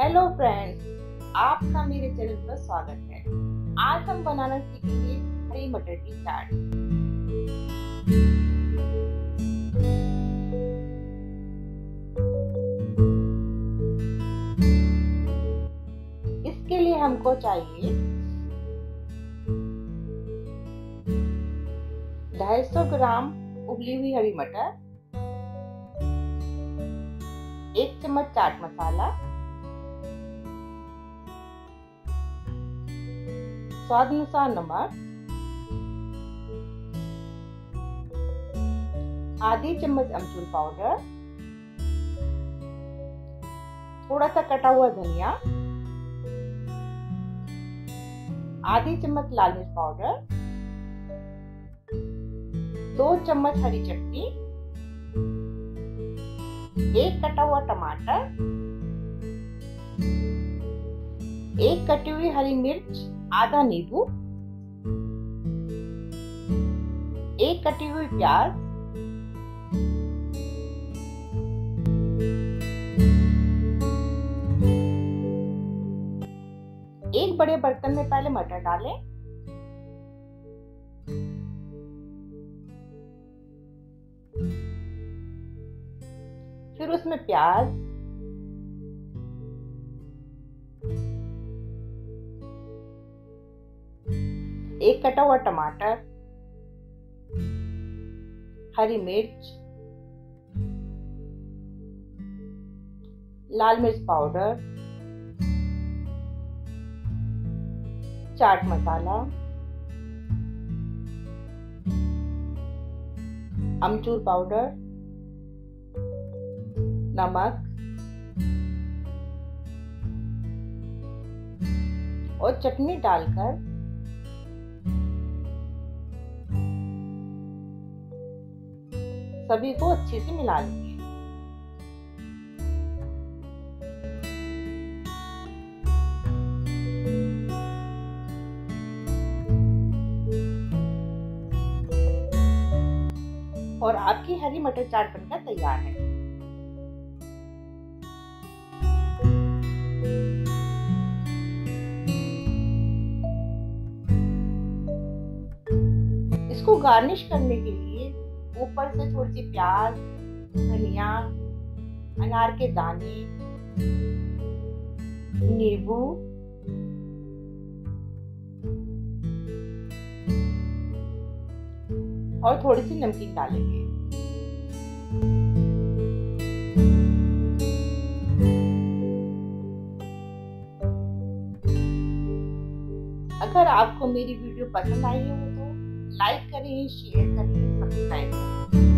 hello friends आपका मेरे channel पर स्वागत है आज हम बनाना सीखेंगे हरी मटर की चाट इसके लिए हमको चाहिए 250 ग्राम उबली हुई हरी मटर एक चम्मच चाट मसाला स्वाद अनुसार नमक आधी चम्मच अमचूर पाउडर थोड़ा सा कटा हुआ धनिया आधी चम्मच लाल मिर्च पाउडर दो चम्मच हरी चटनी एक कटा हुआ टमाटर एक कटी हुई हरी मिर्च आधा नींबू एक कटी हुई प्याज एक बड़े बर्तन में पहले मटर डालें फिर उसमें प्याज एक कटा हुआ टमाटर हरी मिर्च लाल मिर्च पाउडर चाट मसाला अमचूर पाउडर नमक और चटनी डालकर सभी को अच्छे से मिला लेंगे और आपकी हरी मटर चाट बनकर तैयार है इसको गार्निश करने के लिए ऊपर से थोड़ी सी प्याज धनिया अनार के दाने नींबू और थोड़ी सी नमकीन डालेंगे अगर आपको मेरी वीडियो पसंद आई हो लाइक करें शेयर करें सब्सक्राइब करें